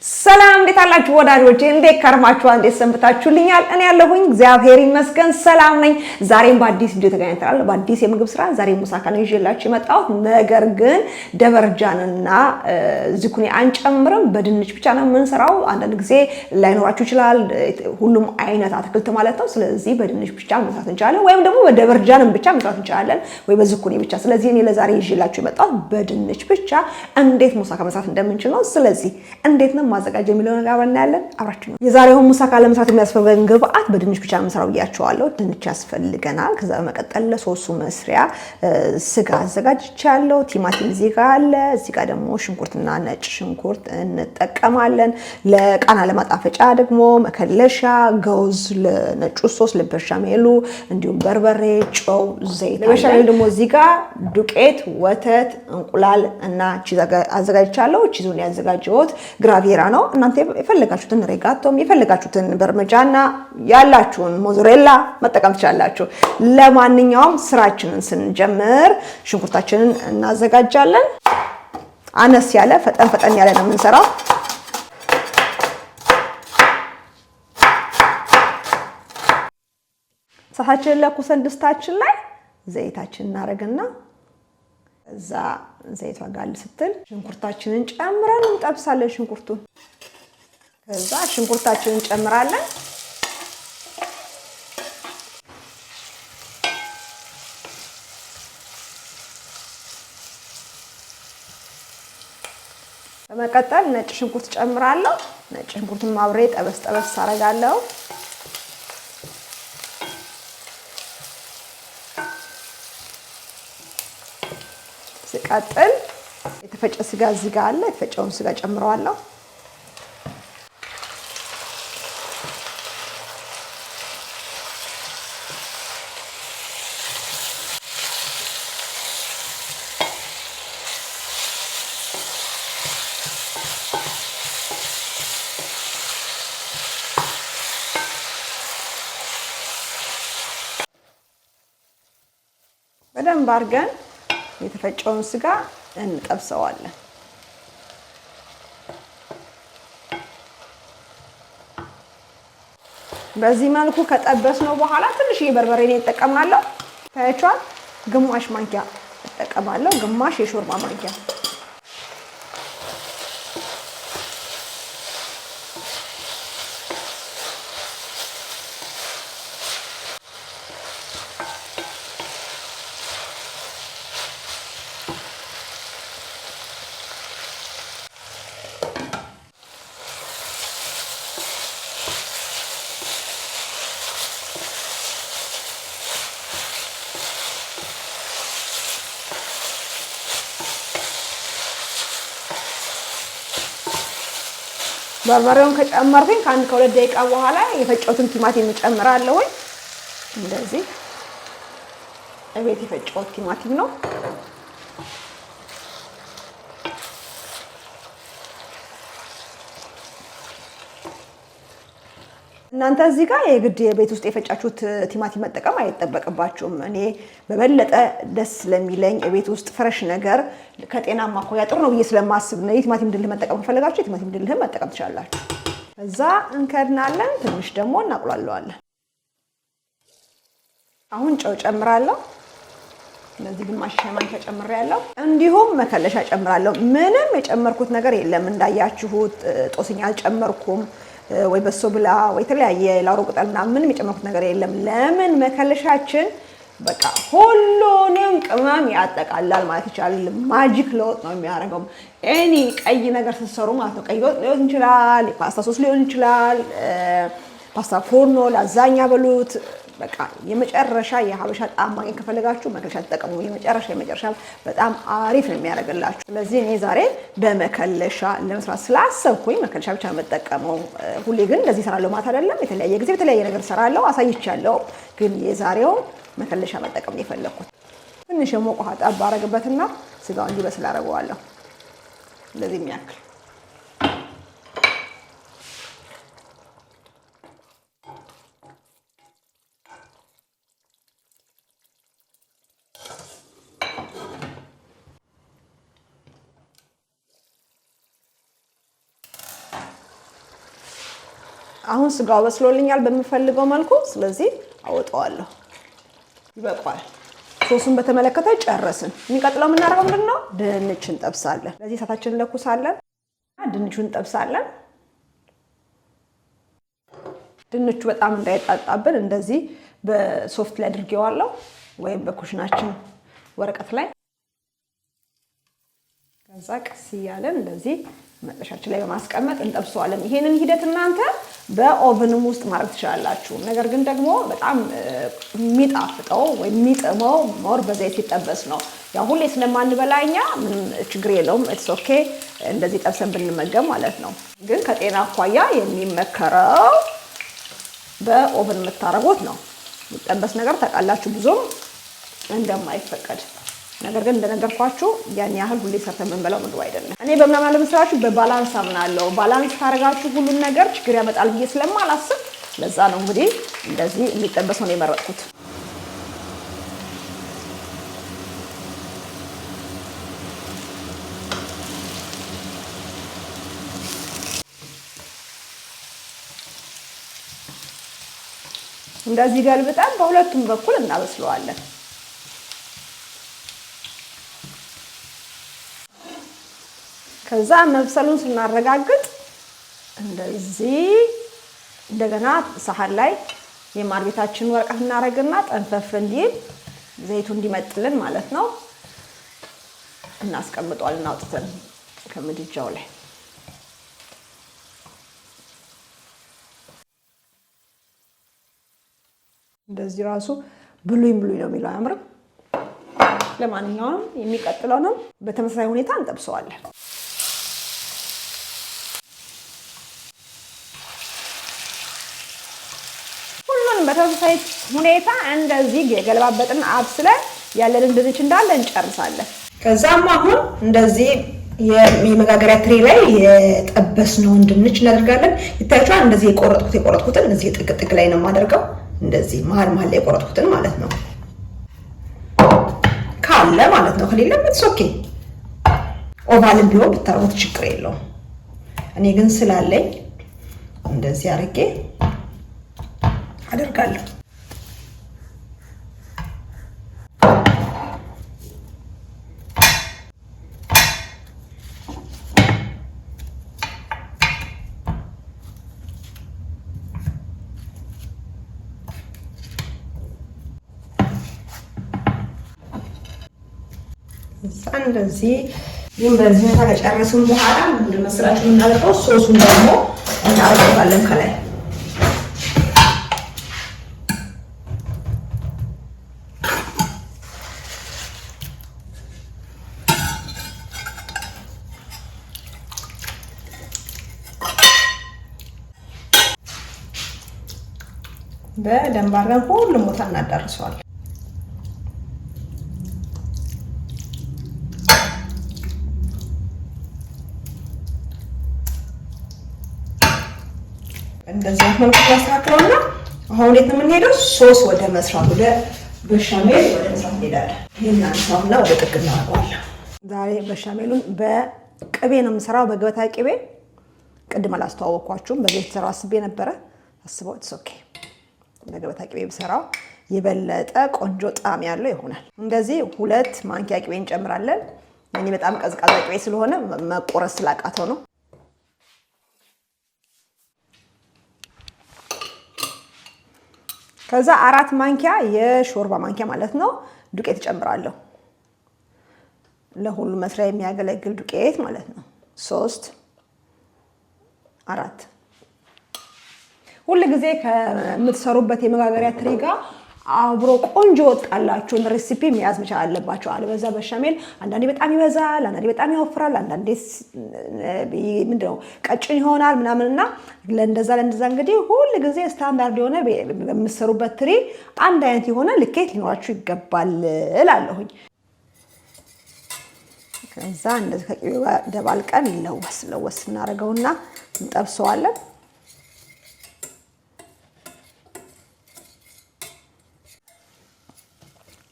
Salam! እንዴት አላችሁ ወዳጆቼ? እንዴት ከርማችኋል? እንዴት ሰንብታችሁልኛል? እኔ ያለሁኝ እግዚአብሔር ይመስገን ሰላም ነኝ። ዛሬም በአዲስ ቪዲዮ ተገናኝተናል። በአዲስ የምግብ ስራ ዛሬ ሙሳካ ነው ይዤላችሁ የመጣሁት። ነገር ግን ደበርጃንና ዝኩኒ አንጨምርም፣ በድንች ብቻ ነው የምንሰራው። አንዳንድ ጊዜ ላይኖራችሁ ይችላል፣ ሁሉም አይነት አትክልት ማለት ነው። ስለዚህ በድንች ብቻ መስራት እንችላለን፣ ወይም ደግሞ በደበርጃንም ብቻ መስራት እንችላለን፣ ወይ በዝኩኒ ብቻ። ስለዚህ እኔ ለዛሬ ይዤላችሁ የመጣሁት በድንች ብቻ እንዴት ሙሳካ መስራት እንደምንችል ነው። ስለዚህ እንዴት ነው ማዘጋጀ የሚለው እንደሆነ ጋር እናያለን። አብራችሁ ነው የዛሬውን ሙሳካ ለመስራት የሚያስፈልገን ግብአት በድንች ብቻ መስራው ብያቸዋለሁ። ድንች ያስፈልገናል። ከዛ በመቀጠል ለሶሱ መስሪያ ስጋ አዘጋጅቻለሁ። ቲማቲም እዚህ ጋር አለ። እዚህ ጋር ደግሞ ሽንኩርትና ነጭ ሽንኩርት እንጠቀማለን። ለቃና ለማጣፈጫ ደግሞ መከለሻ፣ ገውዝ፣ ለነጩ ሶስ፣ ለበሻሜሉ እንዲሁም በርበሬ፣ ጨው፣ ዘይት ለበሻሜሉ ደግሞ እዚህ ጋር ዱቄት፣ ወተት፣ እንቁላል እና ቺዝ አዘጋጅቻለሁ። ቺዙን ያዘጋጀሁት ግራቪራ ነው እናንተ የፈለጋችሁትን ሬጋቶም የፈለጋችሁትን በርመጃና ያላችሁን ሞዞሬላ መጠቀም ትችላላችሁ። ለማንኛውም ስራችንን ስንጀምር ሽንኩርታችንን እናዘጋጃለን። አነስ ያለ ፈጠን ፈጠን ያለ ነው የምንሰራው። እሳታችንን ለኩሰን ድስታችን ላይ ዘይታችን እናደርግና እዛ ዘይቷ ጋል ስትል ሽንኩርታችንን ጨምረን እንጠብሳለን ሽንኩርቱን ከዛ ሽንኩርታችንን እንጨምራለን። በመቀጠል ነጭ ሽንኩርት ጨምራለሁ። ነጭ ሽንኩርቱን ማብሬ ጠበስ ጠበስ አደርጋለሁ። ሲቀጥል የተፈጨ ስጋ እዚህ ጋር አለ። የተፈጨውን ስጋ ጨምረዋለሁ። በደንብ አድርገን የተፈጨውን ስጋ እንጠብሰዋለን። በዚህ መልኩ ከጠበስነው በኋላ ትንሽዬ በርበሬ ነው እጠቀማለሁ። ታያችኋል። ግማሽ ማንኪያ እጠቀማለሁ፣ ግማሽ የሾርባ ማንኪያ በርበሬውን ከጨመርኩኝ ከአንድ ከሁለት ደቂቃ በኋላ የፈጨሁትን ቲማቲም እጨምራለሁ። እንደዚህ እቤት የፈጨሁት ቲማቲም ነው። እናንተ እዚህ ጋር የግድ የቤት ውስጥ የፈጫችሁት ቲማቲም መጠቀም አይጠበቅባችሁም። እኔ በበለጠ ደስ ስለሚለኝ የቤት ውስጥ ፍረሽ ነገር ከጤናማ አኳያ ጥሩ ነው ብዬ ስለማስብ ነው የቲማቲም ድልህ መጠቀም ከፈለጋችሁ የቲማቲም ድልህን መጠቀም ትችላላችሁ። እዛ እንከድናለን፣ ትንሽ ደግሞ እናቁላለዋለን። አሁን ጨው ጨምራለሁ። እንደዚህ ግማሽ ማንኪያ ጨምሬያለሁ። እንዲሁም መከለሻ ጨምራለሁ። ምንም የጨመርኩት ነገር የለም። እንዳያችሁት ጦስኛ አልጨመርኩም። ወይ በሶ ብላ ወይ የተለያየ ላውሮ ቅጠል ምናምን የሚጨመርኩት ነገር የለም። ለምን መከለሻችን በቃ ሁሉንም ቅመም ያጠቃላል ማለት ይቻላል። ማጂክ ለውጥ ነው የሚያደርገው። ኤኒ ቀይ ነገር ስትሰሩ ማለት ነው። ቀይ ወጥ ሊሆን ይችላል፣ የፓስታ ሶስ ሊሆን ይችላል፣ ፓስታ ፎርኖ፣ ላዛኛ በሉት በቃ የመጨረሻ የሀበሻ ጣዕም ማግኘት ከፈለጋችሁ መከለሻ ተጠቀሙ። የመጨረሻ የመጨረሻ በጣም አሪፍ ነው የሚያደርግላችሁ። ስለዚህ እኔ ዛሬ በመከለሻ ለመስራት ስላሰብኩኝ መከለሻ ብቻ የምጠቀመው። ሁሌ ግን እንደዚህ እሰራለሁ ማለት አይደለም። የተለያየ ጊዜ በተለያየ ነገር እሰራለሁ፣ አሳይቻለሁ። ግን የዛሬው መከለሻ መጠቀም ነው የፈለግኩት። ትንሽ የሞቀ ውሃ ጣብ አደርግበትና ስጋው እንዲበስል አደርገዋለሁ እንደዚህ የሚያክል አሁን ስጋው በስሎልኛል በምፈልገው መልኩ። ስለዚህ አወጣዋለሁ። ይበቃል። ሶሱን በተመለከተ ጨረስን። የሚቀጥለው የምናደርገው ምንድን ነው? ድንች እንጠብሳለን። ለዚህ እሳታችን እንለኩሳለን። ድንቹን እንጠብሳለን። ድንቹ በጣም እንዳይጣጣብን እንደዚህ በሶፍት ላይ አድርጌዋለሁ፣ ወይም በኩሽናችን ወረቀት ላይ ከዛ ቀስ እያለን እንደዚህ መጠሻችን ላይ በማስቀመጥ እንጠብሰዋለን። ይሄንን ሂደት እናንተ በኦቭንም ውስጥ ማድረግ ትችላላችሁ። ነገር ግን ደግሞ በጣም የሚጣፍጠው ወይም የሚጥመው ሞር በዘይት ሲጠበስ ነው። ያው ሁሌ ስለማንበላ እኛ ምንም ችግር የለውም። ኢትስ ኦኬ እንደዚህ ጠብሰን ብንመገብ ማለት ነው። ግን ከጤና አኳያ የሚመከረው በኦቭን የምታረጉት ነው። የሚጠበስ ነገር ታውቃላችሁ ብዙም እንደማይፈቀድ ነገር ግን እንደነገርኳችሁ ያን ያህል ሁሌ ሰርተን የምንበላው ምግብ አይደለም። እኔ በምናምን ለመስራችሁ በባላንስ አምናለሁ። ባላንስ ካደረጋችሁ ሁሉን ነገር ችግር ያመጣል ብዬ ስለማላስብ ለዛ ነው እንግዲህ እንደዚህ የሚጠበሰው ነው የመረጥኩት። እንደዚህ ገልብጠን በሁለቱም በኩል እናበስለዋለን። ከዛ መብሰሉን ስናረጋግጥ እንደዚህ እንደገና ሳህን ላይ የማር ቤታችንን ወረቀት እናደርግና ጠንፈፍ እንዲል ዘይቱ እንዲመጥልን ማለት ነው እናስቀምጠዋል። እናውጥተን ከምድጃው ላይ እንደዚህ ራሱ ብሉኝ ብሉኝ ነው የሚለው አያምርም? ለማንኛውም የሚቀጥለውንም በተመሳሳይ ሁኔታ እንጠብሰዋለን። በተመሳሳይ ሁኔታ እንደዚህ የገለባበጥን አብስለን ያለንን ድንች እንዳለ እንጨርሳለን። ከዛም አሁን እንደዚህ የመጋገሪያ ትሬ ላይ የጠበስነውን ድንች እናደርጋለን። ይታያችኋል። እንደዚህ የቆረጥኩት የቆረጥኩትን እዚህ ጥቅጥቅ ላይ ነው የማደርገው። እንደዚህ መሀል መሀል ላይ የቆረጥኩትን ማለት ነው፣ ካለ ማለት ነው። ከሌለ ኦኬ፣ ኦቫልም ቢሆን ብታረጉት ችግር የለውም። እኔ ግን ስላለኝ እንደዚህ አድርጌ አደርጋለሁ። ህፃን እንደዚህ ግን በዚህ ሁኔታ ከጨረስን በኋላ ምንድን መስራት የምናደርገው ሶሱን ደግሞ እናደርገዋለን ከላይ በደንብ አድርገን ሁሉም ቦታ እናዳርሰዋለን። እንደዚህ መልኩ ያስተካክለውና አሁን የት ነው የምንሄደው? ሶስ ወደ መስራት ወደ በሻሜል ወደ መስራት እንሄዳለን። ይሄን አንሳውና ወደ ጥግ እናደርገዋለን። ዛሬ በሻሜሉን በቅቤ ነው የምሰራው፣ በገበታ ቅቤ ቅድም አላስተዋወቅኳችሁም። በዚህ የተሰራው አስቤ ነበረ አስበው ኦኬ በገበታ ቅቤ ብሰራው የበለጠ ቆንጆ ጣዕም ያለው ይሆናል። እንደዚህ ሁለት ማንኪያ ቅቤ እንጨምራለን። እኔ በጣም ቀዝቃዛ ቅቤ ስለሆነ መቆረስ ስላቃተው ነው። ከዛ አራት ማንኪያ የሾርባ ማንኪያ ማለት ነው ዱቄት እጨምራለሁ። ለሁሉ መስሪያ የሚያገለግል ዱቄት ማለት ነው። ሶስት አራት ሁል ጊዜ ከምትሰሩበት የመጋገሪያ ትሪ ጋር አብሮ ቆንጆ ወጣላችሁን ሬሲፒ መያዝ መቻል አለባቸው። አለበዛ በሻሜል አንዳንዴ በጣም ይበዛል፣ አንዳንዴ በጣም ያወፍራል፣ አንዳንዴ ምንድነው ቀጭን ይሆናል ምናምን እና ለእንደዛ ለእንደዛ እንግዲህ ሁል ጊዜ ስታንዳርድ የሆነ በምትሰሩበት ትሪ አንድ አይነት የሆነ ልኬት ሊኖራችሁ ይገባል እላለሁኝ። ከዛ እንደዚህ ደባልቀን ለወስ ለወስ እናደርገውና እንጠብሰዋለን።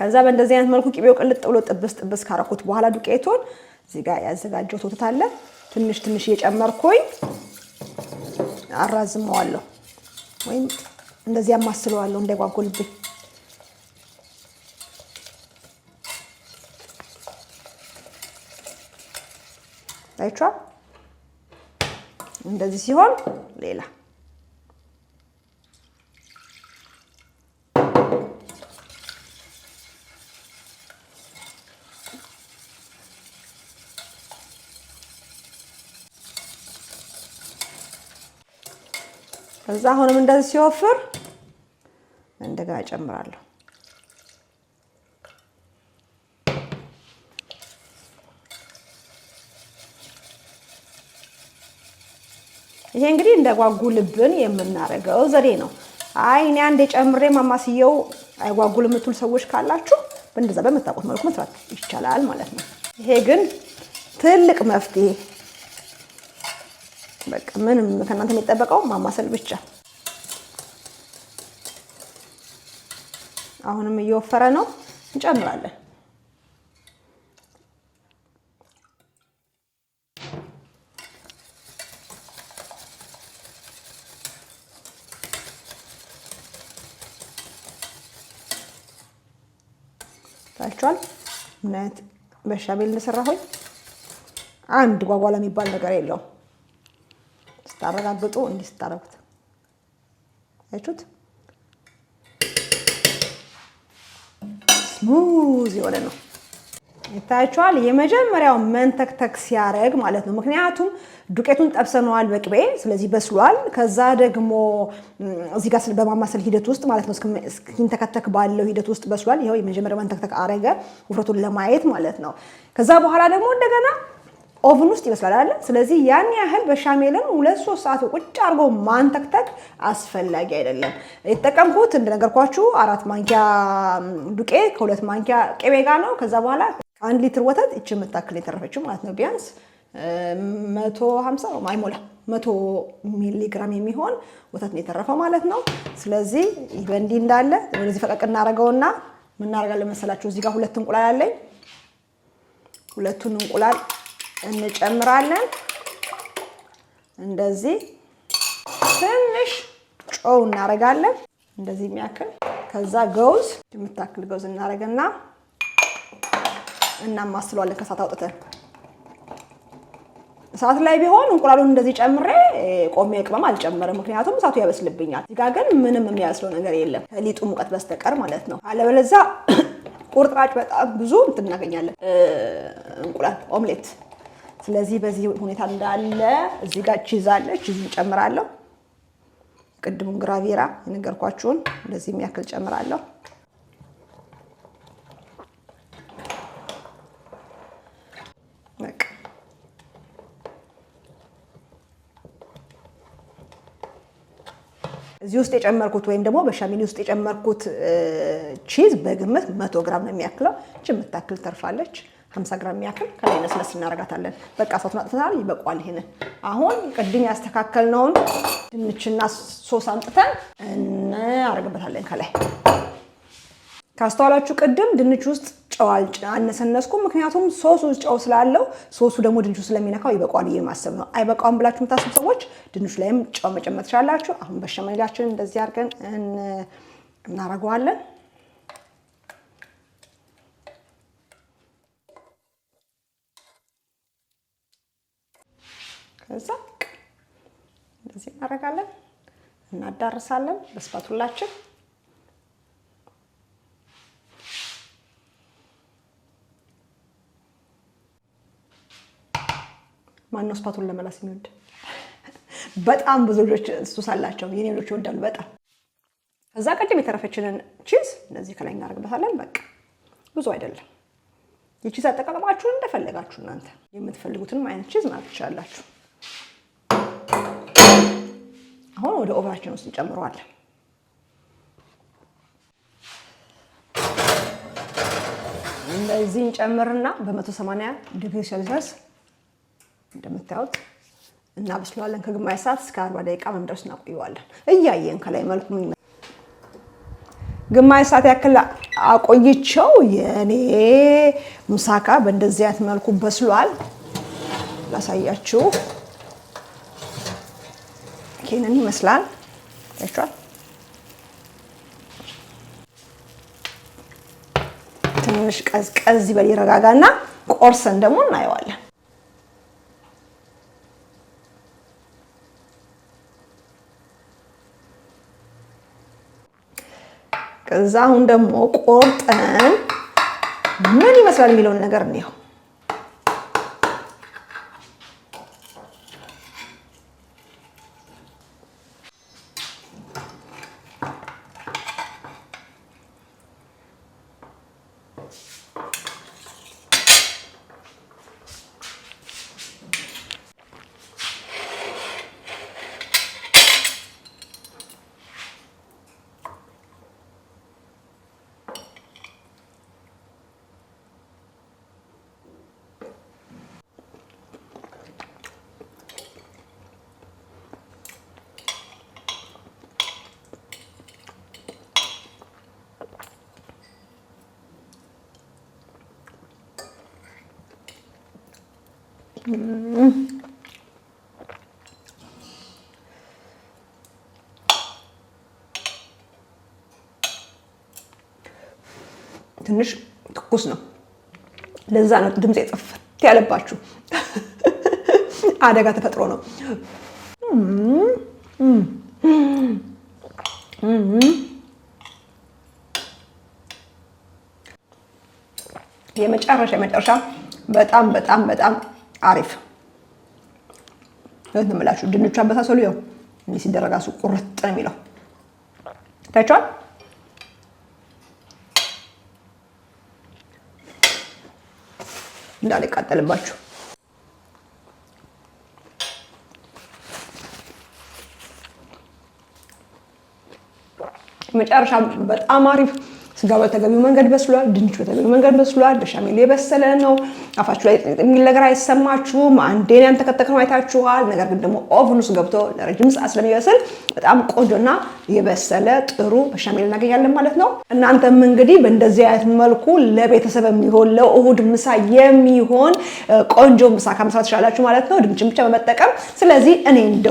ከዛ በእንደዚህ አይነት መልኩ ቅቤው ቅልጥ ብሎ ጥብስ ጥብስ ካረኩት በኋላ ዱቄቱን እዚህ ጋር ያዘጋጀሁት ወተት አለ ትንሽ ትንሽ እየጨመርኩኝ አራዝመዋለሁ ወይም እንደዚህ አማስለዋለሁ እንዳይጓጉልብኝ። አይቻ እንደዚህ ሲሆን ሌላ ከዛ አሁንም እንደዚህ ሲወፍር እንደገና ጨምራለሁ። ይሄ እንግዲህ እንደ ጓጉልብን የምናደርገው ዘዴ ነው። አይ እኔ አንድ የጨምሬ ማማስየው አይጓጉል የምትሉ ሰዎች ካላችሁ በእንደዛ በምታውቁት መልኩ መስራት ይቻላል ማለት ነው። ይሄ ግን ትልቅ መፍትሄ በቃ ምንም ከእናንተ የሚጠበቀው ማማሰል ብቻ። አሁንም እየወፈረ ነው፣ እንጨምራለን። ታችኋል እምነት በሻቤል እንደሰራሁኝ አንድ ጓጓላ የሚባል ነገር የለውም። ታበላብጡ እንዲህ ስታረጉት አይቹት ስሙዝ የሆነ ነው ይታያችኋል። የመጀመሪያው መንተክተክ ሲያደርግ ማለት ነው። ምክንያቱም ዱቄቱን ጠብሰነዋል በቅቤ ስለዚህ በስሏል። ከዛ ደግሞ እዚህ ጋር በማማሰል ሂደት ውስጥ ማለት ነው እስኪንተከተክ ባለው ሂደት ውስጥ በስሏል። ይኸው የመጀመሪያው መንተክተክ አረገ ውፍረቱን ለማየት ማለት ነው። ከዛ በኋላ ደግሞ እንደገና ኦቭን ውስጥ ይመስላል ስለዚህ ያን ያህል በሻሜልም ሁለት ሶስት ሰዓት ቁጭ አድርጎ ማንተክተክ አስፈላጊ አይደለም። የተጠቀምኩት እንደነገርኳችሁ አራት ማንኪያ ዱቄ ከሁለት ማንኪያ ቅቤ ጋር ነው። ከዛ በኋላ አንድ ሊትር ወተት እች የምታክል የተረፈችው ማለት ነው። ቢያንስ መቶ ሀምሳ አይሞላ መቶ ሚሊግራም የሚሆን ወተት ነው የተረፈው ማለት ነው። ስለዚህ በእንዲህ እንዳለ ወደዚህ ፈቀቅ እናደርገውና ምናደርጋለን መሰላችሁ? እዚህ ጋር ሁለት እንቁላል አለኝ። ሁለቱን እንቁላል እንጨምራለን። እንደዚህ ትንሽ ጨው እናደርጋለን፣ እንደዚህ የሚያክል ከዛ ገውዝ የምታክል ገውዝ እናደርግና እናማስለዋለን ከእሳት አውጥተን እሳት ላይ ቢሆን እንቁላሉን እንደዚህ ጨምሬ ቆሜ ቅመም አልጨምርም፣ ምክንያቱም እሳቱ ያበስልብኛል። እዚህ ጋ ግን ምንም የሚያስለው ነገር የለም ከሊጡ ሙቀት በስተቀር ማለት ነው። አለበለዛ ቁርጥራጭ በጣም ብዙ እናገኛለን። እንቁላል ኦምሌት ስለዚህ በዚህ ሁኔታ እንዳለ እዚህ ጋር ቺዛለች ቺዝ ጨምራለሁ። ቅድሙን ግራቬራ የነገርኳችሁን እንደዚህ የሚያክል ጨምራለሁ። እዚህ ውስጥ የጨመርኩት ወይም ደግሞ በሻሚሊ ውስጥ የጨመርኩት ቺዝ በግምት መቶ ግራም ነው የሚያክለው። እች የምታክል ተርፋለች። 50 ግራም ያክል ከላይ ለስለስ እናደርጋታለን። በቃ እሳቱን አጥፍተናል፣ ይበቋል። ይሄንን አሁን ቅድም ያስተካከልነውን ድንችና ሶስ አምጥተን እናደርግበታለን ከላይ። ካስተዋላችሁ ቅድም ድንች ውስጥ ጨው አነሰነስኩ። ምክንያቱም ውስጥ ጨው ስላለው ሶሱ ደግሞ ድንቹ ስለሚነካው ይበቋል ብዬ ማሰብ ነው። አይበቃውም ብላችሁ የምታስቡ ሰዎች ድንቹ ላይም ጨው መጨመር ትችላላችሁ። አሁን በሸመኔላችን እንደዚህ አድርገን እናደርገዋለን። ከዛ እንደዚህ እናደርጋለን፣ እናዳርሳለን በስፓቱላችን ማነው ስፓቱን ለመላስ የሚወድ? በጣም ብዙ ልጆች ሱስ አላቸው። የኔ ልጆች ይወዳሉ በጣም። ከዛ ቀጭም የተረፈችንን ቺዝ እንደዚህ ከላይ እናደርግበታለን። በቃ ብዙ አይደለም። የቺዝ አጠቃቀማችሁን እንደፈለጋችሁ እናንተ የምትፈልጉትንም አይነት ቺዝ ማለት ትችላላችሁ። ወደ ኦቫችን ውስጥ እንጨምረዋለን። እንደዚህ እንጨምርና በ180 ዲግሪ ሴልሲየስ እንደምታዩት እናበስለዋለን። ከግማሽ ሰዓት እስከ 40 ደቂቃ መምደርስ እናቆየዋለን። እያየን ከላይ መልኩ ምን ግማሽ ሰዓት ያክል አቆይቸው። የኔ ሙሳካ በእንደዚህ አይነት መልኩ በስሏል። ላሳያችሁ ይሄንን ይመስላል አይቷል። ትንሽ ቀዝቀዝ ይበል ይረጋጋና ቆርሰን ደግሞ እናየዋለን። ከዛ አሁን ደግሞ ቆርጠን ምን ይመስላል የሚለውን ነገር እንየው። ትንሽ ትኩስ ነው። ለዛ ነው ድምፅ የጠፍት ያለባችሁ። አደጋ ተፈጥሮ ነው። የመጨረሻ የመጨረሻ በጣም በጣም በጣም አሪፍ ነው ምላችሁ ድንቹ አበሳሰሉ ያው እንዲህ ሲደረግ ቁርጥ ነው የሚለው ታይቷል። እንዳለ መጨረሻ በጣም አሪፍ ስጋ በተገቢው መንገድ በስሏል። ድንች በተገቢው መንገድ በስሏል። በሻሜል የበሰለ ነው። አፋችሁ ላይ የሚል ነገር አይሰማችሁም። አንዴን ያን ተከተከ አይታችኋል። ነገር ግን ደግሞ ኦቭን ውስጥ ገብቶ ለረጅም ሰዓት ስለሚበስል በጣም ቆንጆና የበሰለ ጥሩ በሻሜል እናገኛለን ማለት ነው። እናንተም እንግዲህ በእንደዚህ አይነት መልኩ ለቤተሰብ የሚሆን ለእሁድ ምሳ የሚሆን ቆንጆ ምሳ ከመስራት ትችላላችሁ ማለት ነው፣ ድንችን ብቻ በመጠቀም። ስለዚህ እኔ እንደ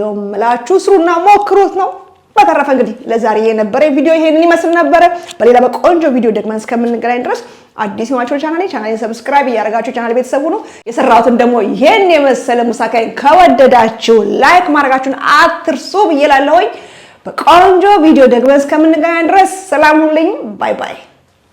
የምላችሁ ስሩና ሞክሩት ነው። በተረፈ እንግዲህ ለዛሬ የነበረ ቪዲዮ ይሄንን ይመስል ነበረ። በሌላ በቆንጆ ቪዲዮ ደግመን እስከምንገናኝ ድረስ አዲስ የሆናችሁ ቻናሌ ቻናሌን ሰብስክራይብ እያደረጋችሁ ቻናል ቤተሰቡ ነው የሰራሁትን ደግሞ ይሄን የመሰለ ሙሳካይን ከወደዳችሁ ላይክ ማድረጋችሁን አትርሱ ብዬ ላለሁኝ። በቆንጆ ቪዲዮ ደግመን እስከምንገናኝ ድረስ ሰላም ሁኑልኝ። ባይ ባይ።